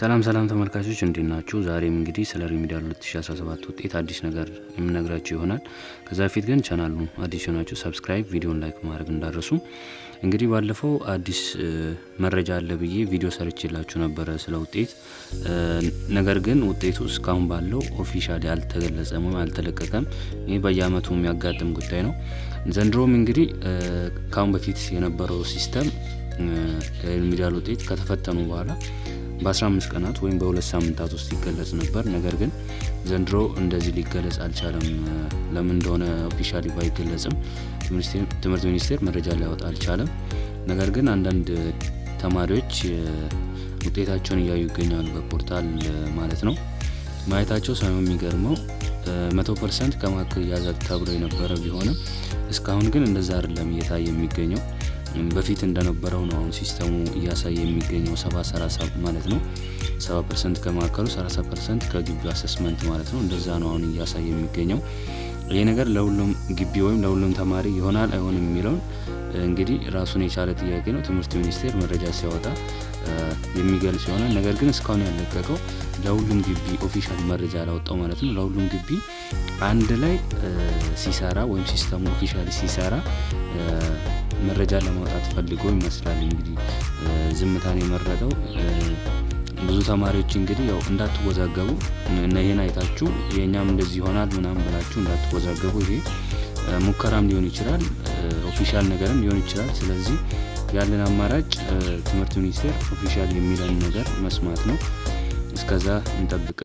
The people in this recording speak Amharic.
ሰላም ሰላም ተመልካቾች እንዴት ናችሁ? ዛሬም እንግዲህ ስለ ሪሚዲያል 2017 ውጤት አዲስ ነገር የምነግራችሁ ይሆናል። ከዛ በፊት ግን ቻናሉ አዲስ የሆናችሁ ሰብስክራይብ፣ ቪዲዮን ላይክ ማድረግ እንዳረሱ። እንግዲህ ባለፈው አዲስ መረጃ አለ ብዬ ቪዲዮ ሰርችላችሁ ነበረ ስለ ውጤት። ነገር ግን ውጤቱ እስካሁን ባለው ኦፊሻሊ አልተገለጸም ወይም አልተለቀቀም። ይህ በየአመቱ የሚያጋጥም ጉዳይ ነው። ዘንድሮም እንግዲህ ከአሁን በፊት የነበረው ሲስተም ሪሚዲያል ውጤት ከተፈተኑ በኋላ በ15 ቀናት ወይም በሁለት ሳምንታት ውስጥ ይገለጽ ነበር። ነገር ግን ዘንድሮ እንደዚህ ሊገለጽ አልቻለም። ለምን እንደሆነ ኦፊሻሊ ባይገለጽም ትምህርት ሚኒስቴር መረጃ ሊያወጣ አልቻለም። ነገር ግን አንዳንድ ተማሪዎች ውጤታቸውን እያዩ ይገኛሉ በፖርታል ማለት ነው። ማየታቸው ሳይሆን የሚገርመው መቶ ፐርሰንት ከማዕከል ያዛል ተብሎ የነበረ ቢሆንም እስካሁን ግን እንደዛ አይደለም እየታየ የሚገኘው በፊት እንደነበረው ነው አሁን ሲስተሙ እያሳየ የሚገኘው ሰባ ማለት ነው። ሰባ ፐርሰንት 30 ሰላሳ ፐርሰንት ከግቢው አሰስመንት ማለት ነው። እንደዛ ነው አሁን እያሳየ የሚገኘው። ይህ ነገር ለሁሉም ግቢ ወይም ለሁሉም ተማሪ ይሆናል አይሆን የሚለውን እንግዲህ ራሱን የቻለ ጥያቄ ነው። ትምህርት ሚኒስቴር መረጃ ሲያወጣ የሚገልጽ ይሆናል። ነገር ግን እስካሁን ያለቀቀው ለሁሉም ግቢ ኦፊሻል መረጃ አላወጣው ማለት ነው። ለሁሉም ግቢ አንድ ላይ ሲሰራ ወይም ሲስተሙ ኦፊሻል ሲሰራ መረጃ ለማውጣት ፈልጎ ይመስላል እንግዲህ ዝምታን የመረጠው። ብዙ ተማሪዎች እንግዲህ ያው እንዳትወዛገቡ እና ይሄን አይታችሁ የእኛም እንደዚህ ይሆናል ምናምን ብላችሁ እንዳትወዛገቡ። ይሄ ሙከራም ሊሆን ይችላል፣ ኦፊሻል ነገርም ሊሆን ይችላል። ስለዚህ ያለን አማራጭ ትምህርት ሚኒስቴር ኦፊሻል የሚለን ነገር መስማት ነው። እስከዛ እንጠብቅ።